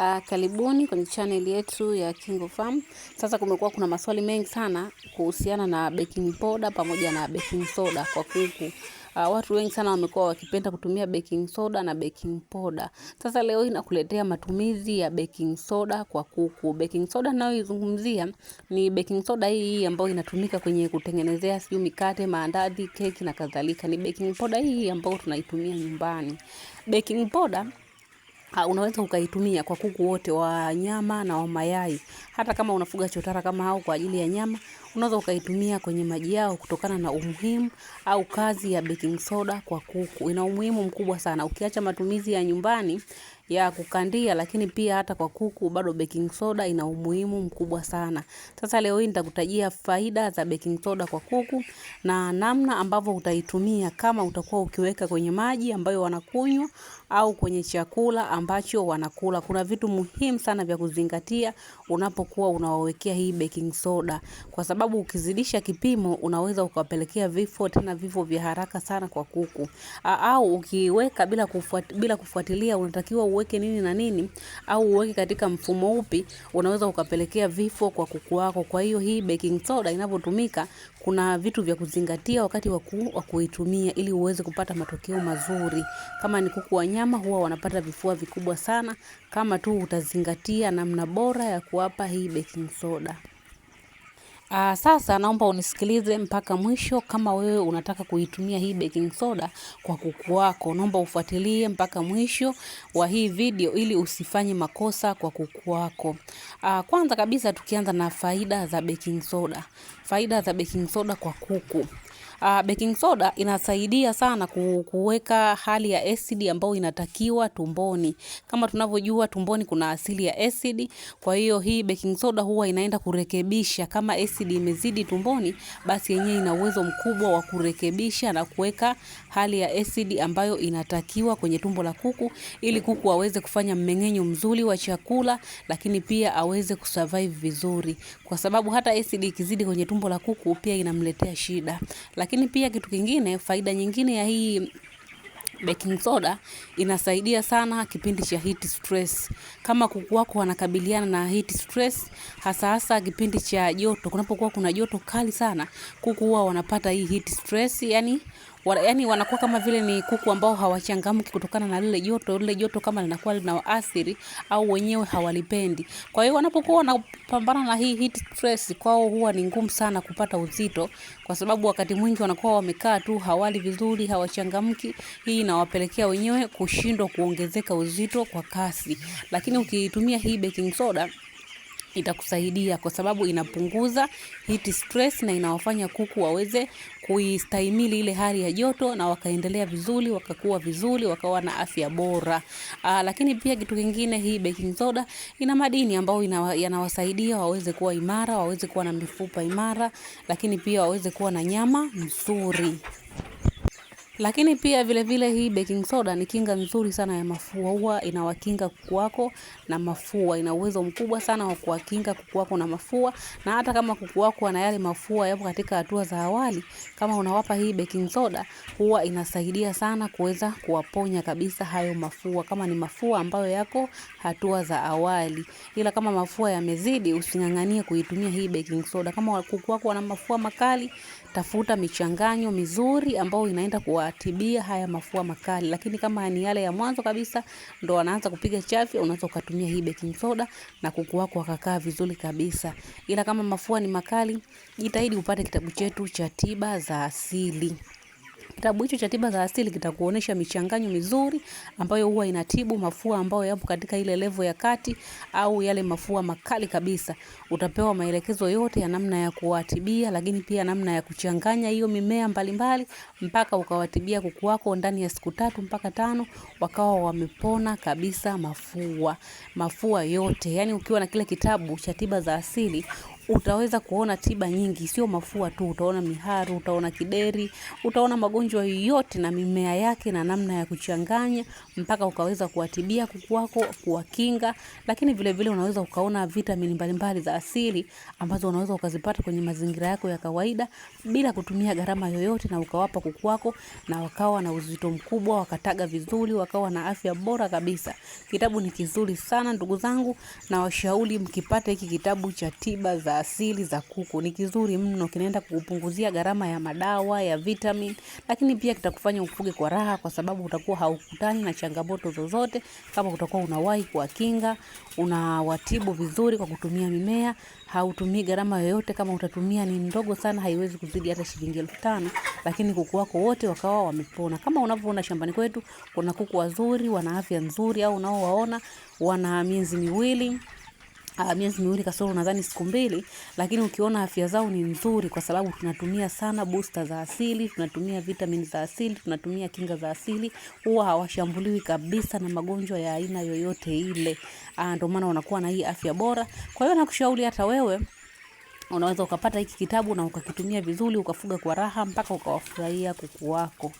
Uh, karibuni kwenye channel yetu ya Kingo Farm. Sasa kumekuwa kuna maswali mengi sana kuhusiana na baking powder pamoja na baking soda kwa kuku. Uh, watu wengi sana wamekuwa wakipenda kutumia baking soda na baking powder. Sasa leo hii nakuletea matumizi ya baking soda kwa kuku. Baking soda ninayoizungumzia ni baking soda hii hii ambayo inatumika kwenye kutengenezea siyo mikate, maandazi, keki na kadhalika. Ni baking powder hii ambayo tunaitumia nyumbani. Baking powder Ha, unaweza ukaitumia kwa kuku wote wa nyama na wa mayai, hata kama unafuga chotara kama hao kwa ajili ya nyama unaweza ukaitumia kwenye maji yao kutokana na umuhimu au kazi ya baking soda kwa kuku. Ina umuhimu mkubwa sana ukiacha matumizi ya nyumbani ya kukandia, lakini pia hata kwa kuku bado baking soda ina umuhimu mkubwa sana. Sasa leo hii nitakutajia faida za baking soda kwa kuku na namna ambavyo utaitumia kama utakuwa ukiweka kwenye maji ambayo wanakunywa au kwenye chakula ambacho wanakula. Kuna vitu muhimu sana vya kuzingatia unapokuwa unawawekea hii baking soda kwa sababu sababu ukizidisha kipimo unaweza ukawapelekea vifo, tena vifo vya haraka sana kwa kuku. Au ukiweka bila kufuat, bila kufuatilia unatakiwa uweke nini na nini au uweke katika mfumo upi, unaweza ukapelekea vifo kwa kuku wako. Kwa hiyo hii baking soda inavyotumika, kuna vitu vya kuzingatia wakati wa kuitumia ili uweze kupata matokeo mazuri. Kama ni kuku wa nyama huwa wanapata vifua vikubwa sana, kama tu utazingatia namna bora ya kuwapa hii baking soda. Uh, sasa naomba unisikilize mpaka mwisho. Kama wewe unataka kuitumia hii baking soda kwa kuku wako, naomba ufuatilie mpaka mwisho wa hii video ili usifanye makosa kwa kuku wako. Uh, kwanza kabisa tukianza na faida za baking soda. Faida za baking soda kwa kuku. Uh, baking soda inasaidia sana kuweka hali ya acid ambayo inatakiwa tumboni. Kama tunavyojua tumboni kuna asili ya acid, kwa hiyo hii baking soda huwa inaenda kurekebisha kama acid imezidi tumboni, basi yenyewe ina uwezo mkubwa wa kurekebisha na kuweka hali ya acid ambayo inatakiwa kwenye tumbo la kuku ili kuku aweze kufanya mmeng'enyo mzuri wa chakula, lakini pia aweze kusurvive vizuri. Kwa sababu hata acid ikizidi kwenye tumbo la kuku pia inamletea shida. Lakini lakini pia kitu kingine, faida nyingine ya hii baking soda inasaidia sana kipindi cha heat stress. Kama kuku wako wanakabiliana na heat stress, hasa hasa kipindi cha joto, kunapokuwa kuna joto kali sana, kuku huwa wanapata hii heat stress, yani yani wanakuwa kama vile ni kuku ambao hawachangamki kutokana na lile joto. Lile joto kama linakuwa linawaathiri au wenyewe hawalipendi. Kwa hiyo wanapokuwa wanapambana na hii heat stress, kwao huwa ni ngumu sana kupata uzito, kwa sababu wakati mwingi wanakuwa wamekaa tu, hawali vizuri, hawachangamki. Hii inawapelekea wenyewe kushindwa kuongezeka uzito kwa kasi, lakini ukitumia hii baking soda itakusaidia kwa sababu inapunguza heat stress na inawafanya kuku waweze kuistahimili ile hali ya joto na wakaendelea vizuri, wakakuwa vizuri, wakawa na afya bora. Aa, ah, lakini pia kitu kingine, hii baking soda ina madini ambayo yanawasaidia waweze kuwa imara, waweze kuwa na mifupa imara, lakini pia waweze kuwa na nyama nzuri. Lakini pia vile vile hii baking soda ni kinga nzuri sana ya mafua, huwa inawakinga kuku wako na mafua. Ina uwezo mkubwa sana wa kuwakinga kuku wako na mafua, na hata kama kuku wako wana yale mafua yapo katika hatua za awali, kama unawapa hii baking soda, huwa inasaidia sana kuweza kuwaponya kabisa hayo mafua, kama ni mafua ambayo yako hatua za awali. Ila kama mafua yamezidi, usinyang'anie kuitumia hii baking soda. Kama kuku wako wana mafua makali, tafuta michanganyo mizuri ambayo inaenda kuwa kuwatibia haya mafua makali, lakini kama ni yale ya mwanzo kabisa ndo wanaanza kupiga chafi unaweza ukatumia hii baking soda na kuku wako wakakaa vizuri kabisa. Ila kama mafua ni makali, jitahidi upate kitabu chetu cha tiba za asili. Kitabu hicho cha tiba za asili kitakuonesha michanganyo mizuri ambayo huwa inatibu mafua ambayo yapo katika ile levo ya kati au yale mafua makali kabisa. Utapewa maelekezo yote ya namna ya kuwatibia, lakini pia namna ya kuchanganya hiyo mimea mbalimbali mpaka ukawatibia kuku wako ndani ya siku tatu mpaka tano wakawa wamepona kabisa mafua. Mafua yote. Yani ukiwa na kile kitabu cha tiba za asili utaweza kuona tiba nyingi, sio mafua tu. Utaona miharu, utaona kideri, utaona magonjwa yote na mimea yake na namna ya kuchanganya mpaka ukaweza kuwatibia kuku wako, kuwakinga. Lakini vile vile unaweza ukaona vitamini mbalimbali za asili ambazo unaweza ukazipata kwenye mazingira yako ya kawaida bila kutumia gharama yoyote, na ukawapa kuku wako na wakawa na uzito mkubwa, wakataga vizuri, wakawa na afya bora kabisa. Kitabu ni kizuri sana ndugu zangu, na washauri mkipata hiki kitabu cha tiba za asili za kuku ni kizuri mno, kinaenda kupunguzia gharama ya madawa ya vitamin, lakini pia kitakufanya ufuge kwa raha, kwa sababu utakuwa haukutani na changamoto zozote kama utakuwa unawahi kuwakinga, unawatibu vizuri kwa kutumia mimea, hautumii gharama yoyote. Kama utatumia ni ndogo sana, haiwezi kuzidi hata shilingi elfu tano, lakini kuku wako wote wakawa wamepona. Kama unavyoona shambani kwetu kuna kuku wazuri, wana afya nzuri, au unaowaona wana miezi miwili Uh, miezi miwili kasoro nadhani siku mbili, lakini ukiona afya zao ni nzuri, kwa sababu tunatumia sana booster za asili, tunatumia vitamin za asili, tunatumia kinga za asili, huwa hawashambuliwi kabisa na magonjwa ya aina yoyote ile. Uh, ndio maana wanakuwa na hii afya bora. Kwa hiyo nakushauri hata wewe unaweza ukapata hiki kitabu na ukakitumia vizuri, ukafuga kwa raha mpaka ukawafurahia kuku wako.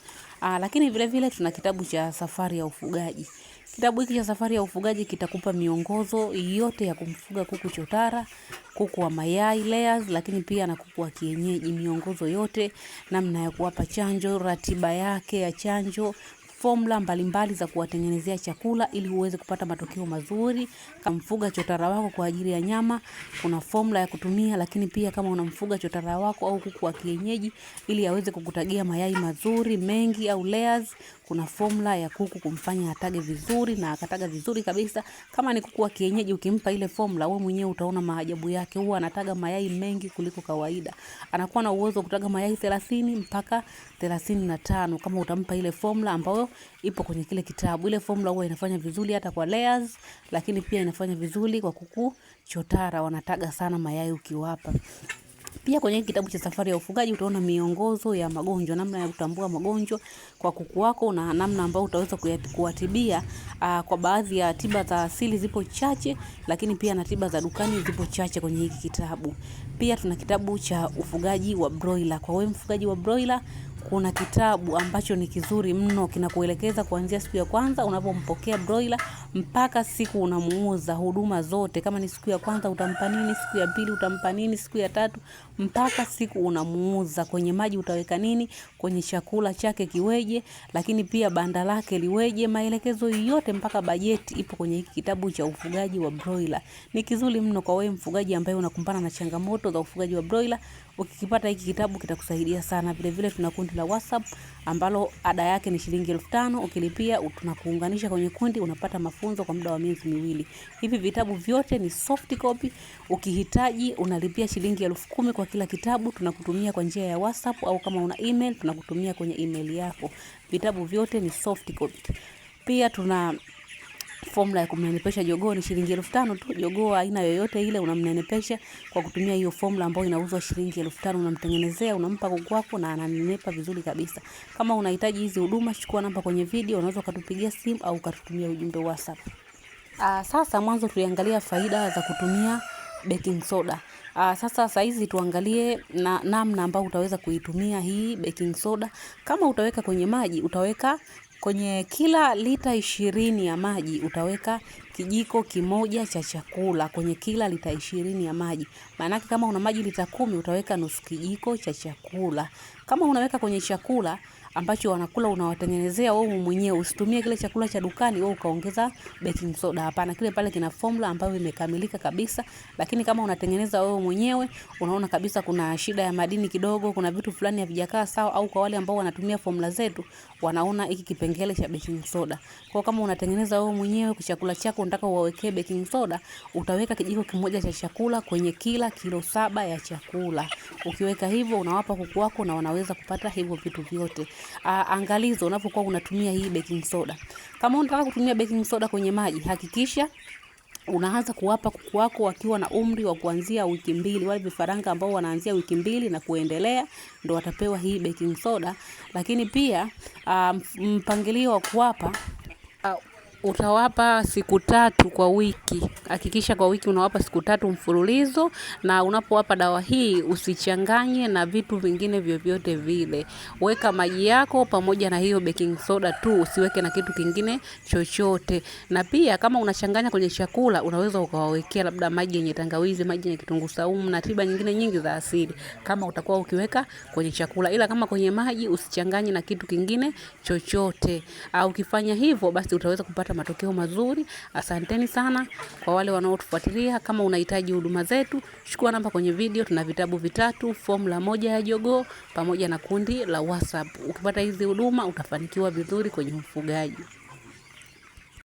Aa, ah, lakini vile vile tuna kitabu cha safari ya ufugaji. Kitabu hiki cha Safari ya Ufugaji kitakupa miongozo yote ya kumfuga kuku chotara, kuku wa mayai layers, lakini pia na kuku wa kienyeji, miongozo yote, namna ya kuwapa chanjo, ratiba yake ya chanjo, fomula mbalimbali za kuwatengenezea chakula ili uweze kupata matokeo mazuri. Kama mfuga chotara wako kwa ajili ya nyama, kuna fomula ya kutumia, lakini pia kama unamfuga chotara wako au kuku wa kienyeji ili aweze kukutagia mayai mazuri mengi au layers, kuna fomula ya kuku kumfanya atage vizuri na akataga vizuri kabisa. Kama ni kuku wa kienyeji ukimpa ile fomula, wewe mwenyewe utaona maajabu yake. Huwa anataga mayai mengi kuliko kawaida, anakuwa na uwezo wa kutaga mayai 30 mpaka 35 kama utampa ile fomula ambayo ipo kwenye kile kitabu. Ile formula huwa inafanya vizuri hata kwa layers, lakini pia inafanya vizuri kwa kuku chotara, wanataga sana mayai ukiwapa. Pia kwenye kitabu cha Safari ya Ufugaji utaona miongozo ya magonjwa, namna ya kutambua magonjwa kwa kuku wako na namna ambayo utaweza kuwatibia. Ah, kwa baadhi ya tiba za asili zipo chache, lakini pia na tiba za dukani zipo chache kwenye hiki kitabu. Pia tuna kitabu cha ufugaji wa broiler. Kwa wewe mfugaji wa broiler kuna kitabu ambacho ni kizuri mno kinakuelekeza kuanzia siku ya kwanza unapompokea broiler mpaka siku unamuuza huduma zote. Kama ni siku ya kwanza utampa nini, siku ya pili utampa nini, siku ya tatu, mpaka siku unamuuza. Kwenye maji utaweka nini, kwenye chakula chake kiweje, lakini pia banda lake liweje. Maelekezo yote mpaka bajeti ipo kwenye hiki kitabu cha ufugaji wa broiler. Ni kizuri mno kwa wewe mfugaji ambaye unakumbana na changamoto za ufugaji wa broiler. Ukikipata hiki kitabu kitakusaidia sana. Vile vile tuna kundi la WhatsApp ambalo ada yake ni shilingi elfu tano. Ukilipia tunakuunganisha kwenye kundi, unapata mafunzo mafunzo kwa muda wa miezi miwili. Hivi vitabu vyote ni soft copy. Ukihitaji unalipia shilingi elfu kumi kwa kila kitabu, tunakutumia kwa njia ya WhatsApp au kama una email tunakutumia kwenye email yako. Vitabu vyote ni soft copy. Pia tuna formula ya kumnenepesha jogoo ni shilingi elfu tano tu. Jogoo aina yoyote ile unamnenepesha kwa kutumia hiyo formula ambayo inauzwa shilingi elfu tano unamtengenezea, unampa kuku wako na ananenepa vizuri kabisa. Kama unahitaji hizi huduma, chukua namba kwenye video, unaweza ukatupigia simu au ukatutumia ujumbe wa WhatsApp. Aa, ah, sasa mwanzo tuliangalia faida za kutumia baking soda. Aa, ah, sasa saizi tuangalie na namna ambayo utaweza kuitumia hii baking soda. Kama utaweka kwenye maji, utaweka Kwenye kila lita ishirini ya maji utaweka kijiko kimoja cha chakula kwenye kila lita ishirini ya maji. Maana kama una maji lita kumi utaweka nusu kijiko cha chakula. Kama unaweka kwenye chakula ambacho wanakula unawatengenezea wewe mwenyewe, usitumie kile chakula cha dukani wewe ukaongeza baking soda. Hapana, kile pale kina formula ambayo imekamilika kabisa. Lakini kama unatengeneza wewe mwenyewe, unaona kabisa kuna shida ya madini kidogo, kuna vitu fulani havijakaa sawa, au kwa wale ambao wanatumia formula zetu wanaona hiki kipengele cha baking soda. Kwa kama unatengeneza wewe mwenyewe kwa chakula chako wako unataka uwawekee baking soda, utaweka kijiko kimoja cha chakula kwenye kila kilo saba ya chakula. Ukiweka hivyo, unawapa kuku wako na wanaweza kupata hivyo vitu vyote. angalizo unapokuwa unatumia hii baking soda. Kama unataka kutumia baking soda kwenye maji, hakikisha unaanza kuwapa kuku wako wakiwa na umri wa kuanzia wiki mbili. Wale vifaranga ambao wanaanzia wiki mbili na kuendelea ndo watapewa hii baking soda, lakini pia uh, mpangilio wa kuwapa uh, Utawapa siku tatu kwa wiki. Hakikisha kwa wiki unawapa siku tatu mfululizo na unapowapa dawa hii usichanganye na vitu vingine vyovyote vile. Weka maji yako pamoja na hiyo baking soda tu, usiweke na kitu kingine chochote. Na pia kama unachanganya kwenye chakula, unaweza ukawawekea labda maji yenye tangawizi, maji yenye kitunguu saumu na tiba nyingine nyingi za asili. Kama utakuwa ukiweka kwenye chakula, ila kama kwenye maji usichanganye na kitu kingine chochote. Au Ukifanya hivyo basi utaweza kupata tumepata matokeo mazuri. Asanteni sana kwa wale wanaotufuatilia. Kama unahitaji huduma zetu, chukua namba kwenye video. Tuna vitabu vitatu, fomu la moja ya jogoo pamoja na kundi la WhatsApp. Ukipata hizi huduma utafanikiwa vizuri kwenye ufugaji.